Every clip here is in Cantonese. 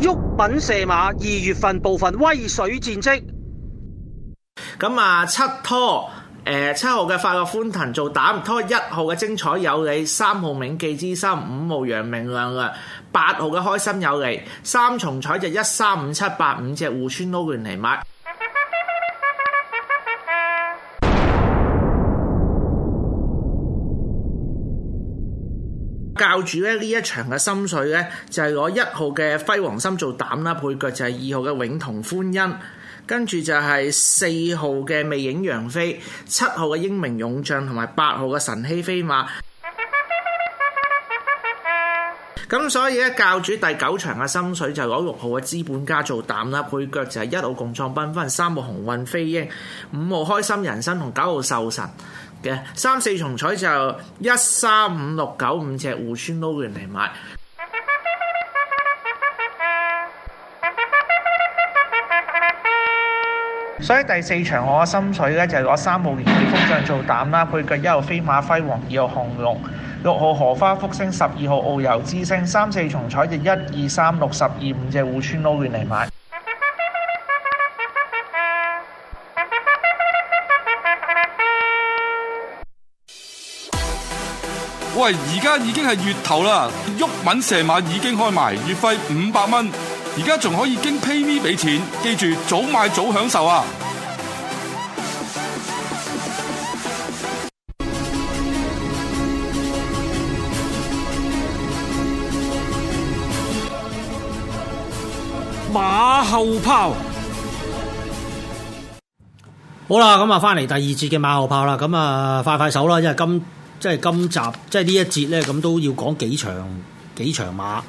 郁品射馬二月份部分威水戰績，咁啊七拖誒、呃、七號嘅快樂歡騰做膽拖一號嘅精彩有你，三號銘記之心、五號楊明亮啊、八號嘅開心有你，三重彩就一三五七八五隻戶村撈亂嚟買。教主咧呢一場嘅心水呢，就係攞一號嘅輝煌心做膽啦，配腳就係二號嘅永同歡欣，跟住就係四號嘅魅影楊飛，七號嘅英明勇將同埋八號嘅神氣飛馬。咁 所以咧教主第九場嘅心水就係攞六號嘅資本家做膽啦，配腳就係一路共創繽紛、三號鴻運飛鷹、五號開心人生同九號壽神。三四重彩就一三五六九五隻互村撈完嚟買，所以第四場我嘅心水咧就係攞三號連子福將做膽啦，配腳一號飛馬輝煌，二號紅龍，六號荷花福星，十二號傲遊之星，三四重彩就一二三六十二五隻互村撈完嚟買。喂，而家已經係月頭啦，毓民射馬已經開埋，月費五百蚊，而家仲可以經 PayMe 俾錢，記住早買早享受啊！馬後炮，好啦，咁啊翻嚟第二節嘅馬後炮啦，咁啊快快手啦，因為今。即係今集，即係呢一節咧，咁都要講幾場幾場馬，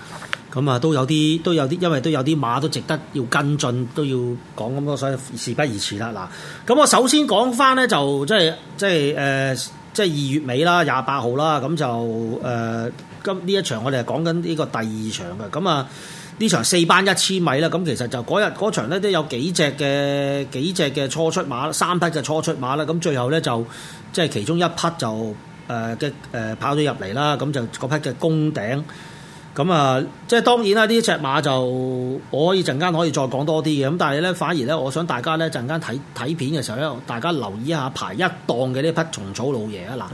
咁啊都有啲都有啲，因為都有啲馬都值得要跟進，都要講咁多，所以事不宜遲啦。嗱，咁我首先講翻咧，就即係即係誒，即係二月尾啦，廿八號啦，咁就誒、呃、今呢一場我哋係講緊呢個第二場嘅，咁啊呢場四班一千米啦，咁其實就嗰日嗰場咧都有幾隻嘅幾隻嘅初出馬，三匹嘅初出馬啦，咁最後咧就即係其中一匹就。誒嘅誒跑咗入嚟啦，咁就嗰匹嘅攻頂咁啊，即係當然啦。呢一隻馬就我可以陣間可以再講多啲嘅，咁但係咧反而咧，我想大家咧陣間睇睇片嘅時候咧，大家留意一下排一檔嘅呢匹蟲草老爺啊。嗱，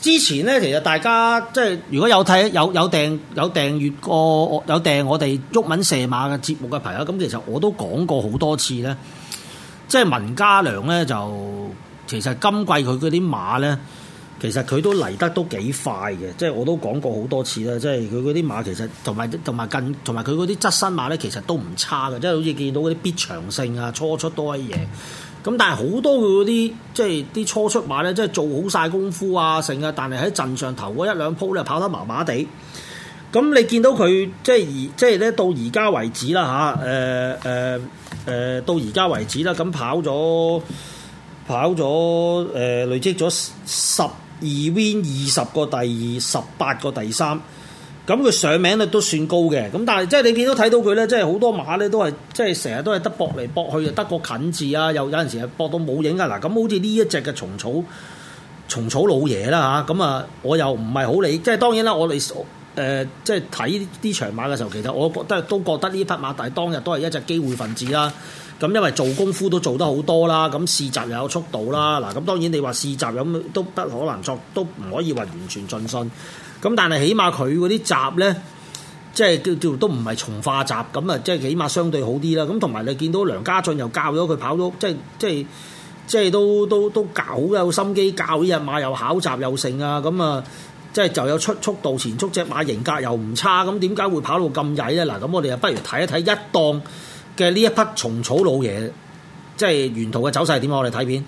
之前咧其實大家即係如果有睇有有訂有訂閲過有訂我哋鬱文射馬嘅節目嘅朋友，咁其實我都講過好多次咧，即係文家良咧就其實今季佢嗰啲馬咧。其實佢都嚟得都幾快嘅，即係我都講過好多次啦。即係佢嗰啲馬其實同埋同埋近同埋佢嗰啲側身馬咧，其實都唔差嘅，即係好似見到嗰啲必長性啊、初出多啲嘢。咁但係好多佢嗰啲即係啲初出馬咧，即係做好晒功夫啊，成啊，但係喺陣上頭嗰一兩鋪咧跑得麻麻地。咁你見到佢即係而即係咧到而家為止啦吓，誒誒誒到而家為止啦，咁跑咗跑咗誒、呃、累積咗十二 win 二十個第二十八個第三，咁佢上名咧都算高嘅，咁但係即係你見到睇到佢咧，即係好多馬咧都係即係成日都係得搏嚟搏去，又得個近字啊，又有陣時係搏到冇影噶嗱，咁好似呢一隻嘅蟲草蟲草老爺啦吓，咁啊我又唔係好理、呃，即係當然啦，我哋誒即係睇啲場馬嘅時候，其實我覺得都覺得呢匹馬第當日都係一隻機會分子啦。咁因為做功夫都做得好多啦，咁試閘又有速度啦，嗱咁當然你話試閘咁都不可能作，都唔可以話完全盡信。咁但係起碼佢嗰啲閘咧，即係叫叫都唔係從化閘，咁啊即係起碼相對好啲啦。咁同埋你見到梁家俊又教咗佢跑到，即係即係即係都都都教好有心機，教呢隻馬又考習又成啊，咁啊即係就有出速度，前速隻馬型格又唔差，咁點解會跑到咁曳咧？嗱，咁我哋啊不如睇一睇一檔。嘅呢一匹蟲草老爺，即係沿途嘅走勢點啊？我哋睇片。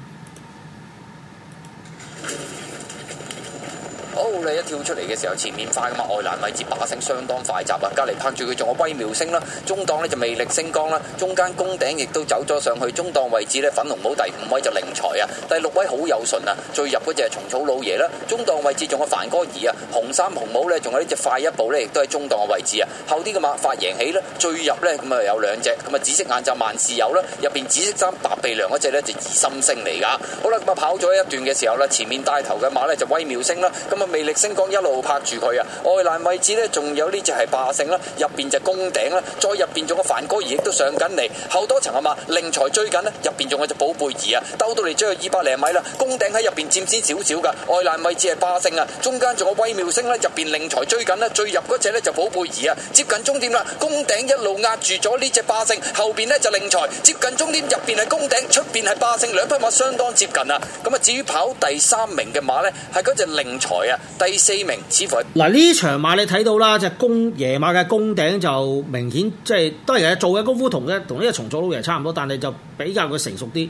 跳出嚟嘅時候，前面快噶嘛，外欄位置把聲相當快集啊！隔籬拍住佢，仲有微妙聲啦，中檔呢就魅力星光啦，中間宮頂亦都走咗上去，中檔位置呢，粉紅帽第五位就靈財啊，第六位好有順啊，最入嗰隻係蟲草老爺啦，中檔位置仲有凡哥兒啊，紅衫紅帽呢仲有呢隻快一步呢，亦都喺中檔嘅位置啊，後啲嘅馬發贏起呢，最入呢咁啊有兩隻，咁啊紫色眼罩萬事有啦，入邊紫色衫白鼻梁嗰隻呢，就疑心星嚟噶，好啦咁啊跑咗一段嘅時候呢，前面帶頭嘅馬呢就微妙聲啦，咁啊魅力星。一路拍住佢啊！外欄位置呢，仲有呢隻係霸勝啦，入邊隻宮頂啦，再入邊仲有梵哥兒亦都上緊嚟，後多層啊嘛，令財追緊呢，入邊仲有隻寶貝兒啊，兜到嚟追到二百零米啦，宮頂喺入邊占先少少噶，外欄位置係霸勝啊，中間仲有微妙星呢，入邊令財追緊呢。最入嗰隻呢就寶貝兒啊，接近終點啦，宮頂一路壓住咗呢隻霸勝，後邊呢就令財接近終點，入邊係宮頂，出邊係霸勝，兩匹馬相當接近啊。咁啊，至於跑第三名嘅馬呢，係嗰隻令財啊，第。四名，似乎嗱呢場馬你睇到啦，隻公爺馬嘅公頂就明顯即係當然做嘅功夫同嘅同呢隻重組老爺差唔多，但係就比較佢成熟啲。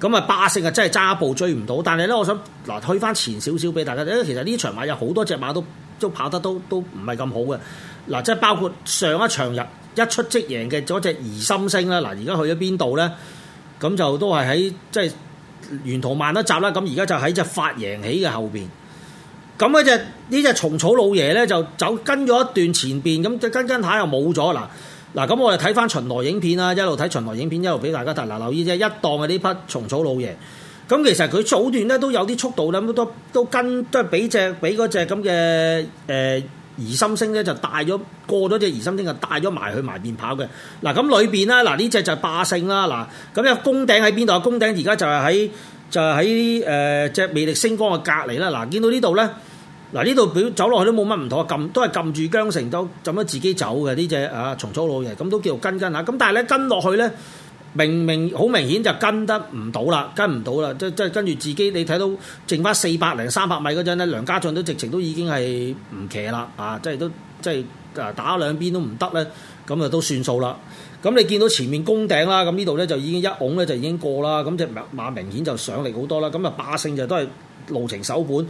咁啊，八勝啊真係揸步追唔到。但係咧，我想嗱去翻前少少俾大家睇。其實呢場馬有好多隻馬都都跑得都都唔係咁好嘅。嗱，即係包括上一場日一出即贏嘅嗰隻疑心星啦。嗱，而家去咗邊度咧？咁就都係喺即係沿途慢一集啦。咁而家就喺隻發贏起嘅後邊。咁隻呢隻蟲草老爺咧就走跟咗一段前邊，咁跟跟下又冇咗嗱嗱。咁我哋睇翻巡邏影片啦，一路睇巡邏影片一路俾大家睇。嗱，留意啫一,一檔嘅呢匹蟲草老爺。咁其實佢早段咧都有啲速度咧，都跟都跟都係俾隻俾隻咁嘅誒疑心星咧就帶咗，過咗隻疑心星就帶咗埋去埋面跑嘅。嗱，咁裏邊啦，嗱呢隻就係霸勝啦。嗱咁有宮頂喺邊度啊？宮頂而家就係喺。就喺誒隻魅力星光嘅隔離啦，嗱，見到呢度咧，嗱呢度表走落去都冇乜唔妥，撳都係撳住韁城都咁樣自己走嘅呢隻啊，松草老爺咁都叫跟跟，跟下。咁但係咧跟落去咧，明明好明顯就跟得唔到啦，跟唔到啦，即即係跟住自己，你睇到剩翻四百零三百米嗰陣咧，梁家俊都直情都已經係唔騎啦，啊，即係都即係啊打兩邊都唔得咧，咁啊都算數啦。咁你見到前面宮頂啦，咁呢度咧就已經一拱咧就已經過啦。咁隻馬明顯就上嚟好多啦。咁啊，霸聖就都係路程首本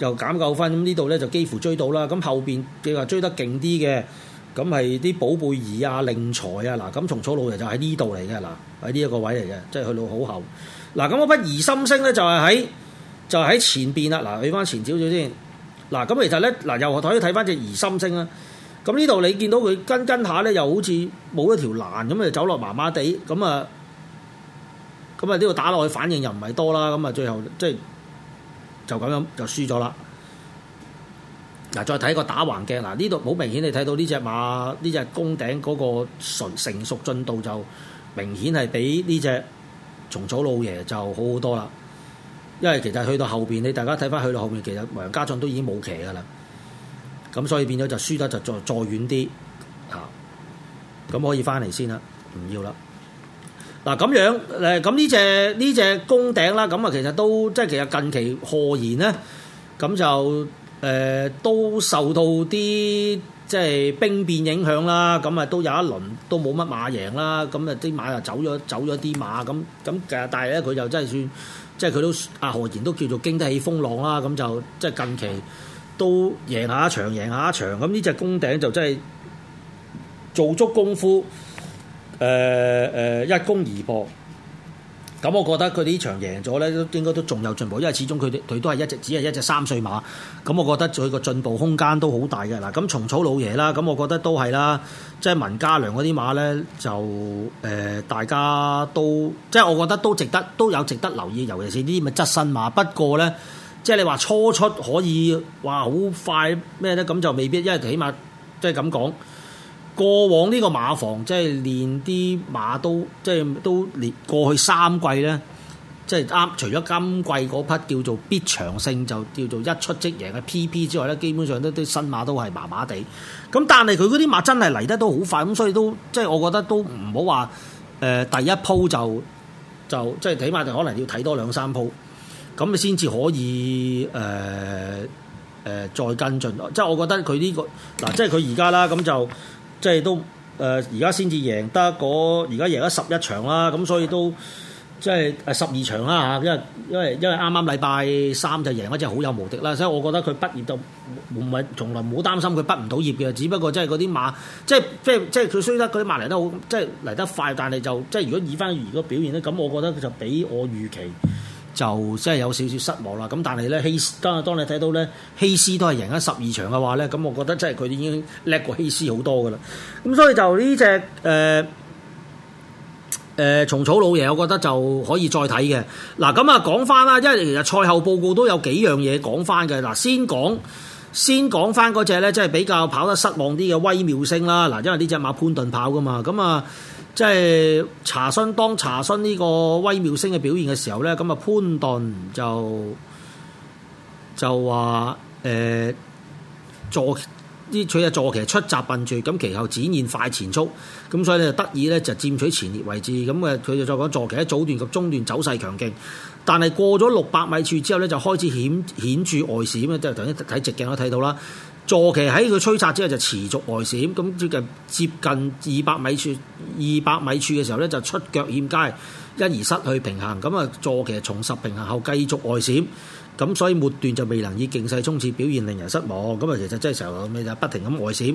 又減夠分，咁呢度咧就幾乎追到啦。咁後邊你話追得勁啲嘅，咁係啲寶貝兒啊、令財啊，嗱，咁從左路人就喺呢度嚟嘅，嗱，喺呢一個位嚟嘅，即係去到好後。嗱，咁我筆怡心升咧就係喺就係喺前邊啦。嗱，睇翻前少少先。嗱，咁其實咧，嗱又可以睇翻隻怡心升啦。咁呢度你見到佢跟跟下咧，又好似冇一條欄咁啊，走落麻麻地，咁啊，咁啊呢度打落去反應又唔係多啦，咁啊最後即係就咁樣就輸咗啦。嗱，再睇個打橫鏡，嗱呢度好明顯，你睇到呢隻馬，呢隻公頂嗰個成熟進度就明顯係比呢隻蟲草老爺就好好多啦。因為其實去到後邊，你大家睇翻去到後邊，其實梁家俊都已經冇騎噶啦。咁所以變咗就輸得就再坐遠啲嚇，咁可以翻嚟先啦，唔要啦。嗱，咁樣誒，咁呢隻呢隻公頂啦，咁啊其實都即係其實近期何然呢，咁就誒、呃、都受到啲即係兵變影響啦，咁啊都有一輪都冇乜馬贏啦，咁啊啲馬就走咗走咗啲馬咁，咁其實但係咧佢就真係算，即係佢都阿何然都叫做經得起風浪啦，咁就即係近期。都贏下一場，贏下一場咁呢隻公頂就真係做足功夫，誒、呃、誒、呃、一攻而破。咁我覺得佢哋呢場贏咗咧，都應該都仲有進步，因為始終佢哋佢都係一隻，只係一隻三歲馬。咁我覺得佢個進步空間都好大嘅。嗱，咁蟲草老爺啦，咁我覺得都係啦。即係文家良嗰啲馬咧，就誒、呃、大家都即係我覺得都值得，都有值得留意，尤其是呢啲咪側身馬。不過咧。即係你話初出可以話好快咩咧？咁就未必，因為起碼即係咁講，過往呢個馬房即係、就是、練啲馬都即係、就是、都練過去三季咧，即係啱。除咗今季嗰匹叫做必長勝，就叫做一出即贏嘅 PP 之外咧，基本上都啲新馬都係麻麻地。咁但係佢嗰啲馬真係嚟得都好快，咁所以都即係、就是、我覺得都唔好話誒第一鋪就就即係、就是、起碼就可能要睇多兩三鋪。咁你先至可以誒誒、呃呃、再跟進，即係我覺得佢呢、呢個嗱，即係佢而家啦，咁就即係都誒，而家先至贏得嗰而家贏咗十一場啦，咁所以都即係誒十二場啦嚇，因為因為因為啱啱禮拜三就贏咗真係好有無敵啦，所以我覺得佢畢業就唔係從來冇好擔心佢畢唔到業嘅，只不過即係嗰啲馬，即係即係即係佢雖得嗰啲馬嚟得好，即係嚟得快，但係就即係如果以翻如家表現咧，咁我覺得佢就比我預期，就真係有少少失望啦，咁但係咧希當當你睇到咧希斯都係贏咗十二場嘅話咧，咁我覺得真係佢哋已經叻過希斯好多噶啦，咁所以就呢隻誒誒蟲草老爺，我覺得就可以再睇嘅。嗱，咁啊講翻啦，因為其實賽後報告都有幾樣嘢講翻嘅。嗱，先講先講翻嗰隻咧，即係比較跑得失望啲嘅微妙性啦。嗱，因為呢隻馬潘頓跑噶嘛，咁啊。即係查詢當查詢呢個微妙星嘅表現嘅時候咧，咁啊潘頓就就話誒坐呢取嘅坐騎出閘笨住，咁其後展現快前速，咁所以咧就得以咧就佔取前列位置，咁啊佢就再講坐騎喺早段及中段走勢強勁，但係過咗六百米處之後咧就開始顯顯著外閃，啊即係頭先睇直鏡都睇到啦。助騎喺佢吹策之後就持續外閃，咁接近接近二百米處二百米處嘅時候咧就出腳險街，因而失去平衡，咁啊助騎重拾平衡後繼續外閃，咁所以末段就未能以勁勢衝刺，表現令人失望，咁啊其實真係時候咁嘅，不停咁外閃，咁、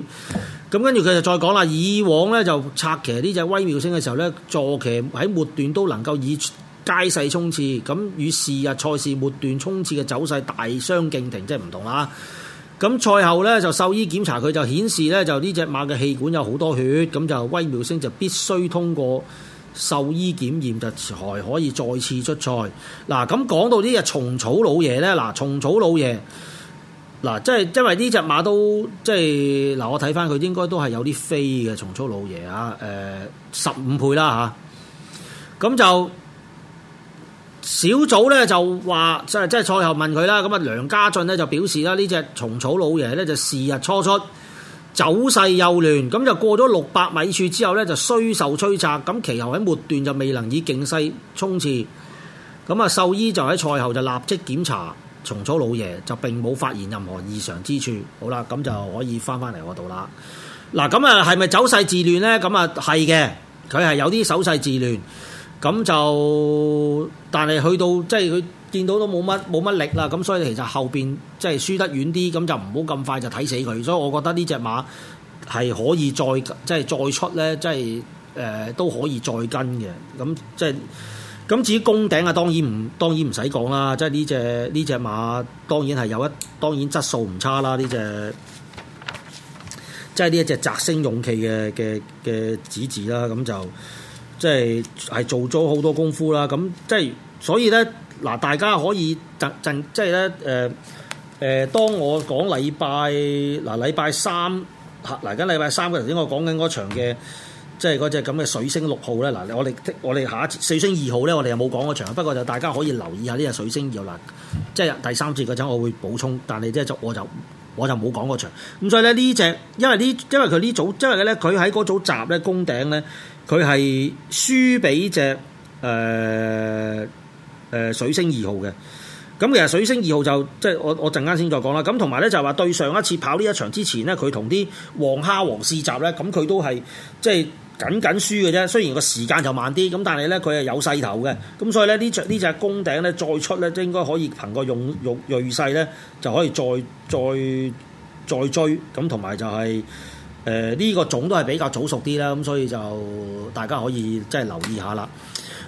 嗯、跟住佢就再講啦，以往咧就拆騎呢隻微妙星嘅時候咧，助騎喺末段都能夠以街勢衝刺，咁與是日賽事末段衝刺嘅走勢大相徑庭，即係唔同啦。咁賽後咧就獸醫檢查佢就顯示咧就呢隻馬嘅氣管有好多血，咁就威妙星就必須通過獸醫檢驗就才可以再次出賽。嗱、啊，咁講到呢隻蟲草老爺咧，嗱、啊、蟲草老爺，嗱、啊、即係因為呢隻馬都即係嗱、啊、我睇翻佢應該都係有啲飛嘅蟲草老爺啊，誒十五倍啦吓，咁、啊啊、就。小組咧就話即係即係賽後問佢啦，咁啊梁家俊咧就表示啦，呢隻蟲草老爺咧就是日初出，走勢又亂，咁就過咗六百米處之後咧就雖受催策，咁其後喺末段就未能以勁勢衝刺，咁啊獸醫就喺賽後就立即檢查蟲草老爺，就並冇發現任何異常之處。好啦，咁就可以翻返嚟我度啦。嗱，咁啊係咪走勢自亂咧？咁啊係嘅，佢係有啲走勢自亂。咁就，但係去到即係佢見到都冇乜冇乜力啦，咁所以其實後邊即係輸得遠啲，咁就唔好咁快就睇死佢。所以我覺得呢隻馬係可以再即係再出咧，即係誒、呃、都可以再跟嘅。咁即係咁至於攻頂啊，當然唔當然唔使講啦。即係呢隻呢隻馬當然係有一當然質素唔差啦。呢隻即係呢一隻摘星勇氣嘅嘅嘅子子啦，咁就。即係係做咗好多功夫啦，咁即係所以咧嗱，大家可以振振即係咧誒誒，當我講禮拜嗱禮拜三嗱，緊禮拜三嘅頭先，我講緊嗰場嘅即係嗰隻咁嘅水星六號咧，嗱我哋我哋下一次水星二號咧，我哋又冇講嗰場，不過就大家可以留意下呢隻水星二號，即係第三次嗰陣，我會補充，但係即係就我就我就冇講嗰場。咁所以咧呢隻，因為呢因為佢呢組，因為咧佢喺嗰組集咧，宮頂咧。佢係輸俾隻誒誒水星二號嘅，咁其實水星二號就即係我我陣間先再講啦。咁同埋咧就話對上一次跑呢一場之前咧，佢同啲黃蝦黃四集咧，咁佢都係即係僅僅輸嘅啫。雖然個時間就慢啲，咁但係咧佢係有勢頭嘅。咁所以咧呢隻呢隻公頂咧再出咧，應該可以憑個用用鋭勢咧就可以再再再追。咁同埋就係、是。誒呢個種都係比較早熟啲啦，咁所以就大家可以即係留意下啦。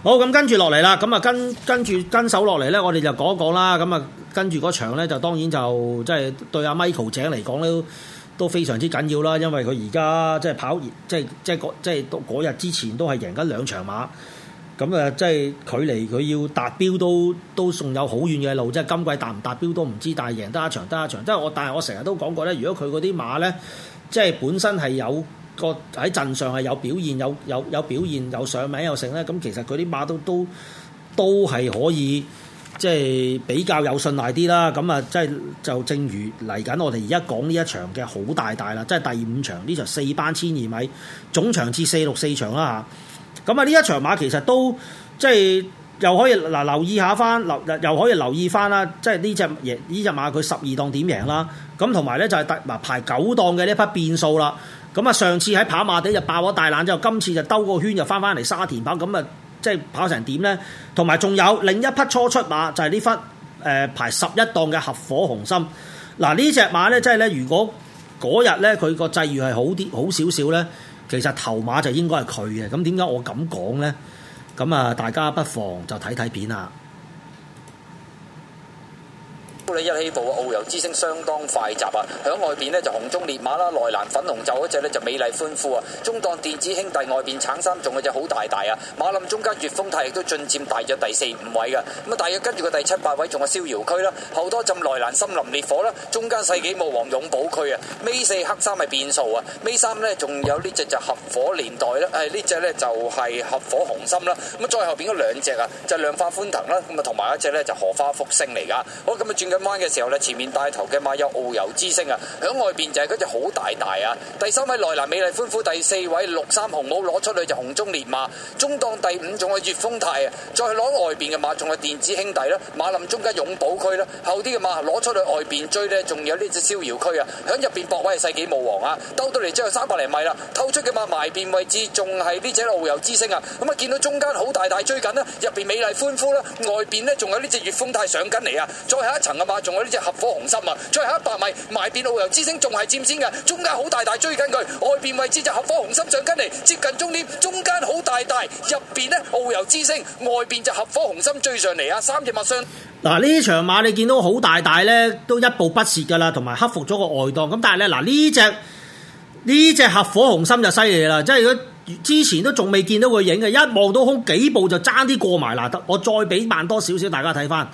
好，咁跟住落嚟啦，咁啊跟跟住跟手落嚟呢，我哋就講一講啦。咁啊跟住嗰場呢，就當然就即係對阿 Michael 井嚟講呢都非常之緊要啦。因為佢而家即係跑，即係即係嗰即係嗰日之前都係贏緊兩場馬，咁啊即係距離佢要達標都都仲有好遠嘅路，即係今季達唔達標都唔知，但係贏得一場得一場。即係我，但係我成日都講過呢，如果佢嗰啲馬呢。即係本身係有個喺陣上係有表現，有有有表現，有上名有成咧。咁其實佢啲馬都都都係可以，即係比較有信賴啲啦。咁啊，即係就正如嚟緊，我哋而家講呢一場嘅好大大啦，即係第五場呢場四班千二米總場，至四六四場啦嚇。咁啊，呢一場馬其實都即係。又可以嗱留意下翻，又可以留意翻啦，即係呢隻贏呢隻馬佢十二檔點贏啦。咁同埋咧就係特嗱排九檔嘅呢匹變數啦。咁啊上次喺跑馬地就爆咗大冷之後，今次就兜個圈就翻翻嚟沙田跑，咁啊即係跑成點咧？同埋仲有另一匹初出馬就係呢匹誒排十一檔嘅合火紅心。嗱、啊、呢隻馬咧，即係咧如果嗰日咧佢個際遇係好啲好少少咧，其實頭馬就應該係佢嘅。咁點解我咁講咧？咁啊，大家不妨就睇睇片啊！你一起步啊，傲游之聲相當快閘啊！響外邊呢就紅中烈馬啦，內欄粉紅袖嗰隻呢就美麗歡呼啊！中檔電子兄弟外邊橙衫仲有隻好大大啊！馬林中間月風泰亦都進佔大約第四五位嘅。咁啊，大約跟住個第七八位仲係逍遙區啦，後多浸內欄森林烈火啦，中間世紀武王勇寶區啊！尾四黑衫係變數啊！尾三呢仲有呢隻就合火年代啦，誒呢隻呢就係合火紅心啦。咁啊再後邊嗰兩隻啊就量化歡騰啦，咁啊同埋一隻呢就係荷花福星嚟噶。好咁啊轉。今晚嘅時候咧，前面帶頭嘅馬有傲游之星啊，響外邊就係嗰隻好大大啊。第三位內欄美麗歡呼，第四位綠衫紅帽攞出去就紅中烈馬，中檔第五種係粵豐泰啊，再攞外邊嘅馬仲係電子兄弟啦，馬林中間擁抱區啦，後啲嘅馬攞出去外邊追呢，仲有呢隻逍遙區啊，響入邊搏位係世紀無王啊，兜到嚟只有三百零米啦，透出嘅馬埋邊位置仲係呢隻傲游之星啊，咁啊見到中間好大大追緊啦，入邊美麗歡呼啦，外邊呢，仲有呢隻粵豐泰上緊嚟啊，再下一層。啊嘛，仲有呢隻合火紅心啊！最後一百米，埋邊澳游之星，仲係佔先嘅。中間好大大追緊佢，外邊位置就合火紅心上跟嚟，接近終點。中間好大大，入邊咧澳游之星，外邊就合火紅心追上嚟啊！三隻馬相。嗱，呢場馬你見到好大大咧，都一步不蝕噶啦，同埋克服咗個外檔。咁但係咧，嗱，呢隻呢隻合火紅心就犀利啦，即係如果之前都仲未見到佢影嘅，一望到空幾步就爭啲過埋嗱。得我再俾慢多少少，大家睇翻。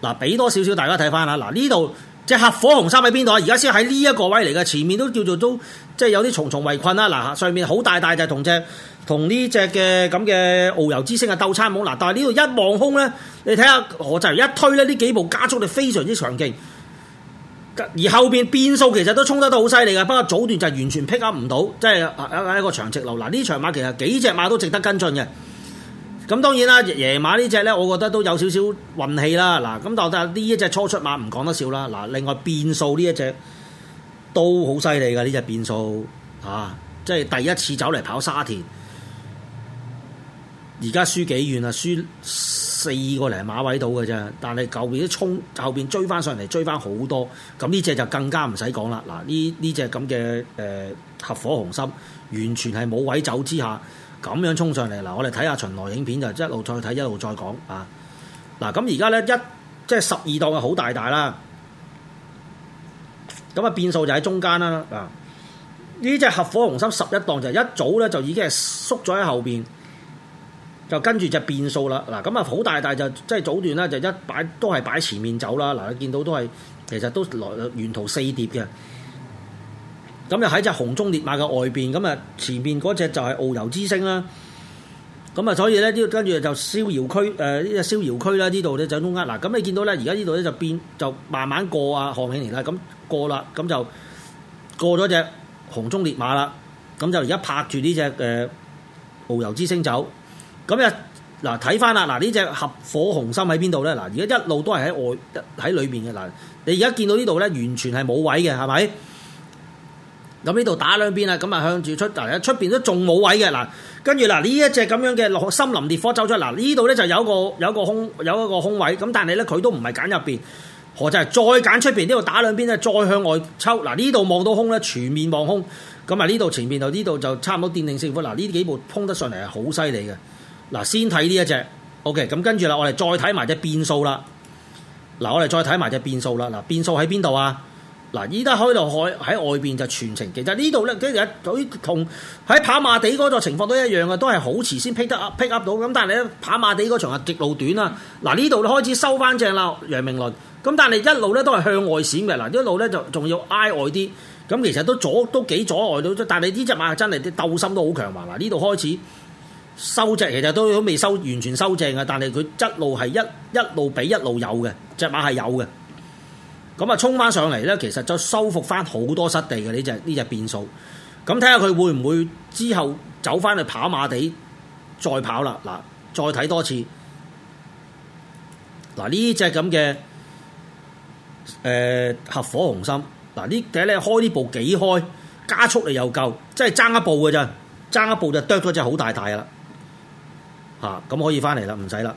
嗱，俾多少少大家睇翻啦。嗱，呢度隻黑火紅衫喺邊度啊？而家先喺呢一個位嚟嘅，前面都叫做都即係有啲重重圍困啦。嗱，上面好大大就係同隻同呢隻嘅咁嘅遨遊之星啊鬥參姆。嗱，但係呢度一望空咧，你睇下何就一推咧，呢幾部加速力非常之強勁。而後邊變數其實都衝得都好犀利嘅，不過早段就完全 pick up 唔到，即係一一個長直流。嗱，呢場馬其實幾隻馬都值得跟進嘅。咁當然啦，夜馬呢隻呢，我覺得都有少少運氣啦。嗱，咁但係呢一隻初出馬唔講得笑啦。嗱，另外變數呢一隻都好犀利噶，呢隻變數嚇、啊，即係第一次走嚟跑沙田，而家輸幾遠啊？輸四個零馬位到嘅啫。但係後邊啲衝後邊追翻上嚟，追翻好多。咁呢隻就更加唔使講啦。嗱、啊，呢呢隻咁嘅誒合夥雄心，完全係冇位走之下。咁樣衝上嚟，嗱，我哋睇下巡邏影片就一路再睇一路再講啊！嗱，咁而家咧一即係十二檔啊，好大大啦，咁啊變數就喺中間啦啊！呢隻合火紅心十一檔就一早咧就已經係縮咗喺後邊，就跟住就變數啦！嗱、啊，咁啊好大大就即係早段咧就一擺都係擺前面走啦！嗱、啊，你見到都係其實都來沿途四疊嘅。咁又喺隻紅中烈馬嘅外邊，咁啊前面嗰隻就係遨遊之星啦。咁啊，所以咧呢跟住就逍遙區，誒呢隻逍遙區啦，呢度咧就喺中間。嗱，咁你見到咧，而家呢度咧就變就慢慢過啊，行起嚟啦。咁過啦，咁就過咗隻紅中烈馬啦。咁就而家拍住呢隻誒遨遊之星走。咁啊嗱，睇翻啦，嗱呢隻合火紅心喺邊度咧？嗱，而家一路都係喺外喺裏邊嘅嗱。你而家見到呢度咧，完全係冇位嘅，係咪？咁呢度打兩邊啦，咁啊向住出，出邊都仲冇位嘅嗱，跟住嗱呢一隻咁樣嘅落森林烈火走出嚟嗱，呢度咧就有個有個空有一個空位，咁但係咧佢都唔係揀入邊，何就係再揀出邊呢度打兩邊咧，再向外抽嗱，呢度望到空咧全面望空，咁啊呢度前面，就呢度就差唔多奠定勝負嗱，呢幾步衝得上嚟係好犀利嘅嗱，先睇呢一隻 OK，咁跟住啦，我哋再睇埋隻變數啦，嗱我哋再睇埋隻變數啦，嗱變數喺邊度啊？嗱，依家喺到喺喺外邊就全程其實呢度咧，其實同喺跑馬地嗰個情況都一樣嘅，都係好遲先 pick up pick up 到咁。但係咧跑馬地嗰場係極路短啦。嗱，呢度開始收翻正啦，楊明倫。咁但係一路咧都係向外閃嘅嗱，一路咧就仲要挨外啲。咁其實都阻都幾阻礙到，但係呢隻馬真係啲鬥心都好強嘛。嗱，呢度開始收隻，其實都都未收完全收正嘅，但係佢一路係一一路比一路有嘅，隻馬係有嘅。咁啊，就衝返上嚟咧，其實就收復返好多失地嘅呢隻呢隻變數。咁睇下佢會唔會之後走返去跑馬地再跑啦。嗱，再睇多次。嗱，呢隻咁嘅誒合火紅心，嗱呢隻咧開呢步幾開，加速力又夠，即係爭一步嘅咋。爭一步就啄咗隻好大大嘅啦。嚇，咁可以返嚟啦，唔使啦。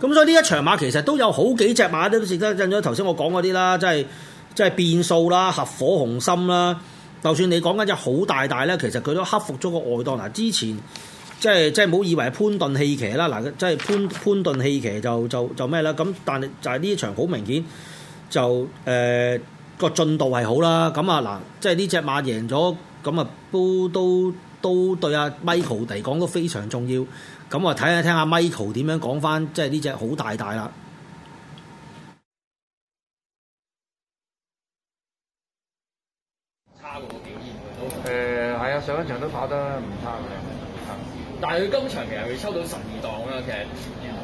咁所以呢一場馬其實都有好幾隻馬都值得印咗，頭先我講嗰啲啦，即係即係變數啦、合火紅心啦。就算你講緊隻好大大咧，其實佢都克服咗個外檔。嗱，之前即係即係唔好以為係潘頓棄騎啦。嗱，即係潘潘頓棄騎就就就咩啦。咁但係就係呢一場好明顯就誒個、呃、進度係好啦。咁啊嗱，即係呢隻馬贏咗，咁啊都都。都都對阿 Michael 嚟講都非常重要，咁我睇下聽下 Michael 點樣講返，即係呢隻好大大啦。差個表現，誒係啊，上一場都跑得唔差嘅，差但係佢今場其實佢抽到十二檔啦，其實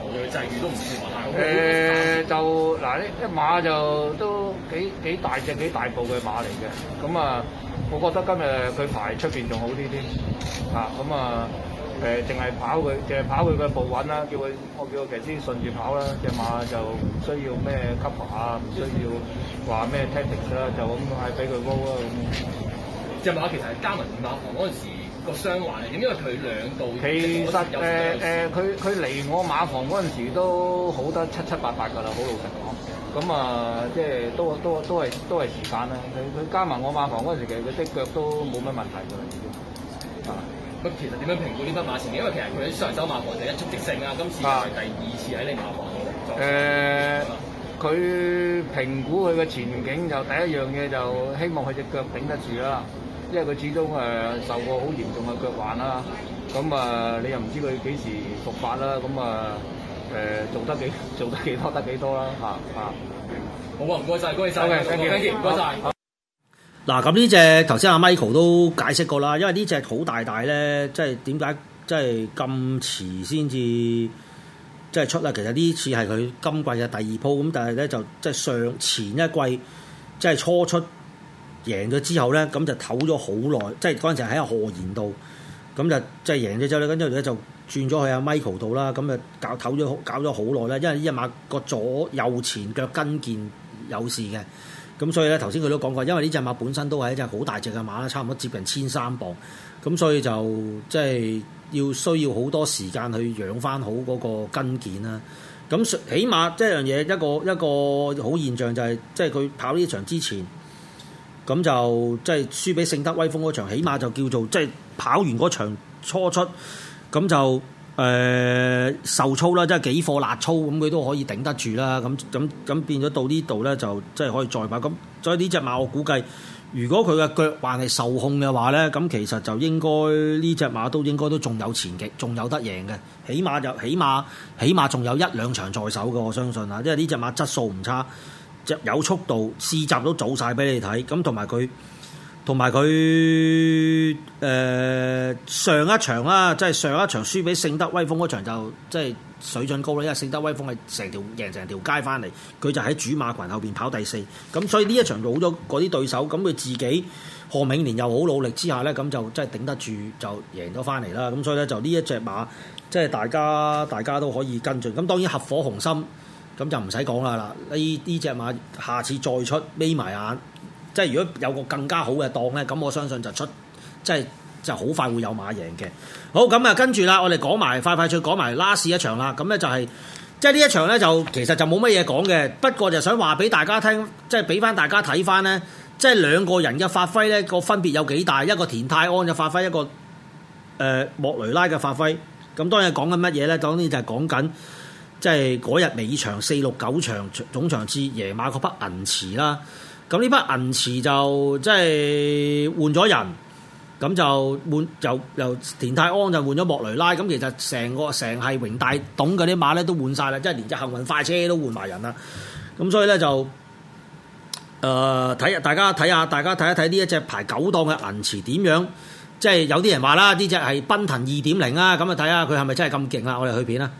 我對佢制御都唔算話太、呃呃、就嗱呢一馬就都幾幾大隻幾大步嘅馬嚟嘅，咁啊。我覺得今日佢排出面仲好啲添，啊咁、嗯、啊誒淨係跑佢，淨係跑佢嘅步穩啦，叫佢我叫佢其實先順住跑啦，隻馬就唔需要咩 cover 啊，唔需要話咩 tactics 啦，就咁係俾佢 roll 啦咁。隻馬其實係加埋五馬房嗰陣時個雙環嘅，因為佢兩度。其實誒誒，佢佢嚟我馬房嗰陣時都好得七七八八噶啦，好老實講。咁啊，即係都都都係都係時間啦。佢佢加埋我馬房嗰陣時，其實佢的腳都冇乜問題㗎喇已經。咁其實點樣評估呢匹馬前景？因為其實佢喺上手馬房就一出即勝啊，今次又係第二次喺你馬房，欸。誒、嗯，佢評估佢嘅前景就第一樣嘢就希望佢隻腳頂得住啦。因為佢始終誒受過好嚴重嘅腳患啦。咁、嗯、啊、嗯，你又唔知佢幾時復發啦。咁、嗯、啊～、嗯嗯誒、呃，做得幾做得幾多得幾多啦？吓吓，好啊！唔該晒，恭喜嘅，唔該晒。嗱、啊，咁呢隻頭先阿 Michael 都解釋過啦，因為呢隻好大大咧，即係點解即係咁遲先至即係出啦？其實呢次係佢今季嘅第二鋪，咁但係咧就即係上前一季即係初出贏咗之後咧，咁就唞咗好耐，即係嗰陣時喺何賢度。咁就即係贏咗之後咧，跟住咧就轉咗去阿 Michael 度啦。咁啊搞唞咗搞咗好耐啦，因為呢隻馬個左右前腳跟腱有事嘅，咁所以咧頭先佢都講過，因為呢隻馬本身都係一隻好大隻嘅馬啦，差唔多接近千三磅，咁所以就即係、就是、要需要好多時間去養翻好嗰個跟腱啦。咁起碼即係樣嘢一個一個好現象就係、是，即係佢跑呢場之前，咁就即係、就是、輸俾聖德威風嗰場，起碼就叫做即係。就是跑完嗰場初出，咁就誒受、呃、操啦，即係幾貨辣操，咁佢都可以頂得住啦。咁咁咁變咗到呢度呢，就即係可以再跑。咁所以呢隻馬我估計，如果佢嘅腳還係受控嘅話呢，咁其實就應該呢隻馬都應該都仲有前景，仲有得贏嘅。起碼就起碼起碼仲有一兩場在手嘅，我相信啊，因為呢隻馬質素唔差，隻有速度，試閘都早晒俾你睇，咁同埋佢。同埋佢誒上一場啦，即係上一場輸俾聖德威風嗰場就即係水準高啦，因為聖德威風係成條贏成條街翻嚟，佢就喺主馬群後邊跑第四，咁所以呢一場做好多嗰啲對手，咁佢自己賀銘年又好努力之下呢咁就真係頂得住，就贏咗翻嚟啦。咁所以咧就呢一隻馬，即係大家大家都可以跟進。咁當然合夥雄心，咁就唔使講啦啦。呢呢隻馬下次再出眯埋眼。即係如果有個更加好嘅檔咧，咁我相信就出，即係就好快會有馬贏嘅。好，咁啊跟住啦，我哋講埋快快脆，講埋拉 a 一場啦。咁咧就係、是，即係呢一場咧就其實就冇乜嘢講嘅。不過就想話俾大家聽，即係俾翻大家睇翻咧，即係兩個人嘅發揮咧個分別有幾大？一個田泰安嘅發揮，一個誒、呃、莫雷拉嘅發揮。咁當然講緊乜嘢咧？當然就係講緊，即係嗰日尾場四六九場總場至夜馬嗰筆銀池啦。咁呢匹銀池就即係換咗人，咁就換由由田泰安就換咗莫雷拉，咁其實成個成係榮大董嗰啲馬咧都換晒啦，即係連隻幸運快車都換埋人啦。咁所以咧就誒睇、呃、大家睇下，大家睇一睇呢一,一隻排九檔嘅銀池點樣，即係有啲人話啦，呢隻係奔騰二點零啊，咁啊睇下佢係咪真係咁勁啊！我哋去片啊。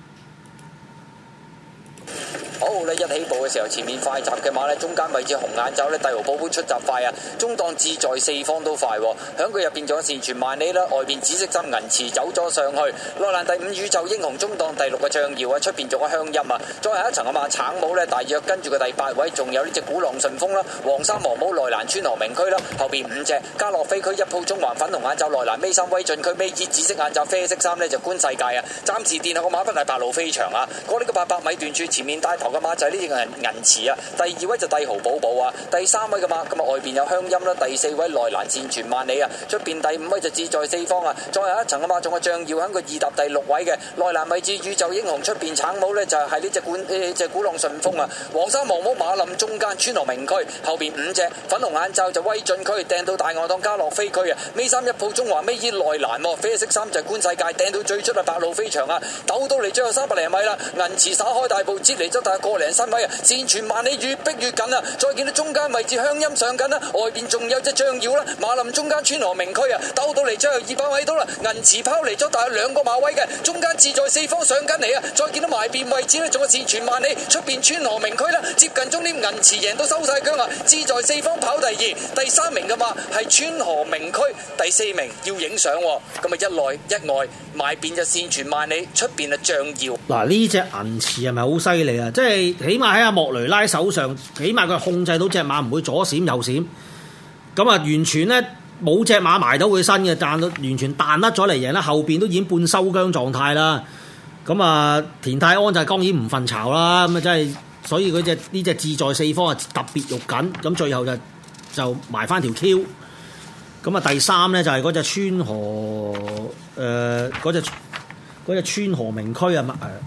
一起步嘅時候，前面快閘嘅馬呢，中間位置紅眼罩呢，帝豪寶寶出閘快啊，中檔志在四方都快，啊，響佢入邊仲有線傳萬里啦，外面紫色針銀池走咗上去，內欄第五宇宙英雄，中檔第六個將耀啊，出邊仲有個香音啊，再下一層個馬橙帽呢，大約跟住個第八位，仲有呢隻古浪順風啦，啊，黃衫黃帽內欄川河名駒啦，後邊五隻加洛飛駒一鋪中環粉紅眼罩內欄尾三威駿區尾子紫色眼罩啡色衫呢，就觀世界啊，暫時墊後個馬分係白鹿飛翔啊，過呢個八百米段處前面帶頭嘅馬。就呢隻銀銀池啊，第二位就帝豪寶寶啊，第三位㗎嘛。咁啊外邊有鄉音啦、啊，第四位內欄線傳萬里啊，出邊第五位就志在四方啊，再有一層啊嘛，仲有將耀喺個二搭第六位嘅內欄位置宇宙英雄，出邊橙帽呢就係呢隻古誒隻古浪順風啊，黃衫黃帽馬林中間穿落名區，後邊五隻粉紅眼罩就威駿區掟到大外當嘉樂飛區啊，尾三一鋪中華尾二內欄，啡色衫就觀世界掟到最出係白鷺飛翔啊，抖到嚟最後三百零米啦，銀池撒開大步接嚟咗，大個嚟。人身位啊，線傳萬里越逼越緊啊！再見到中間位置鄉音上緊啦、啊，外邊仲有隻將要啦，馬林中間川河明區啊，兜到嚟最後二百米到啦，銀池拋嚟咗，大約兩個馬位嘅，中間自在四方上緊嚟啊！再見到埋邊位置呢，仲有線傳萬里出邊川河明區啦，接近終點銀池贏到收晒腳啦，自在四方跑第二，第三名嘅馬係川河明區，第四名要影相、啊，咁咪一內一內。買邊隻線全買你，出邊啊象搖。嗱呢隻銀池係咪好犀利啊？即係起碼喺阿莫雷拉手上，起碼佢控制到隻馬唔會左閃右閃。咁啊，完全咧冇隻馬埋到佢身嘅，但到完全彈甩咗嚟贏啦。後邊都已經半收韁狀態啦。咁啊，田泰安就當然唔瞓巢啦。咁啊，真係所以嗰隻呢隻志在四方啊特別肉緊。咁最後就就埋翻條 Q。咁啊，第三咧就係嗰隻川河誒。呃嗰隻隻川河名區啊，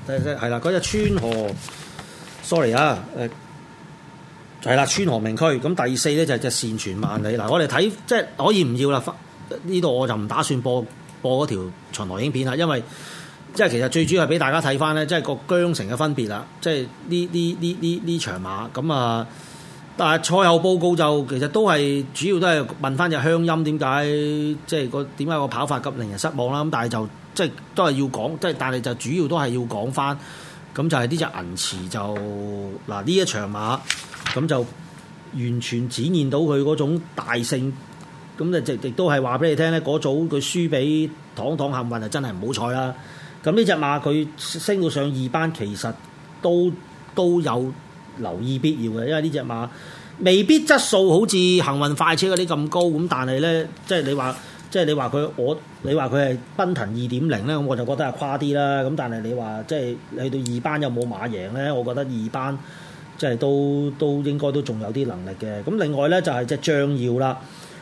乜誒誒係啦，嗰隻川河，sorry 啊，係啦，川河名區。咁、呃、第四咧就係隻善傳萬里嗱，我哋睇即係可以唔要啦。呢度我就唔打算播播嗰條長台影片啦，因為即係其實最主要係俾大家睇翻咧，即係個疆城嘅分別啦，即係呢呢呢呢呢場馬咁啊。但係賽後報告就其實都係主要都係問翻隻香音，點解即係個，點解個跑法咁令人失望啦咁，但係就即係都係要講即係，但係就主要都係要講翻，咁就係呢隻銀池就，嗱，呢一場馬咁，就完全展現到佢嗰種大勝咁，亦亦都係話俾你聽咧，嗰組佢輸俾堂堂幸運啊，真係唔好彩啦！咁呢隻馬佢升到上二班，其實都都有。留意必要嘅，因為呢隻馬未必質素好似行運快車嗰啲咁高咁，但係呢，即係你話，即係你話佢，我你話佢係奔騰二點零呢，我就覺得係誇啲啦。咁但係你話，即係去到二班有冇馬贏呢？我覺得二班即係都都應該都仲有啲能力嘅。咁另外呢，就係隻將耀啦。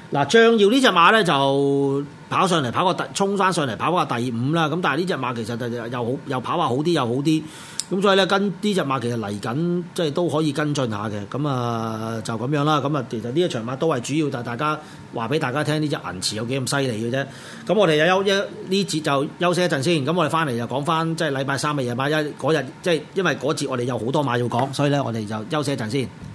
嗱，將耀呢隻馬呢，就跑上嚟跑個第，衝翻上嚟跑個第五啦。咁但係呢隻馬其實又好又跑話好啲，又好啲。咁、嗯、所以咧跟呢隻馬其實嚟緊，即係都可以跟進下嘅。咁啊就咁樣啦。咁啊其實呢一場馬都係主要，就係大家話俾大家聽呢隻銀池有幾咁犀利嘅啫。咁我哋又休一呢節就休息一陣先。咁我哋翻嚟就講翻即係禮拜三嘅夜晚一嗰日，即係因為嗰節我哋有好多馬要講，所以咧我哋就休息一陣先。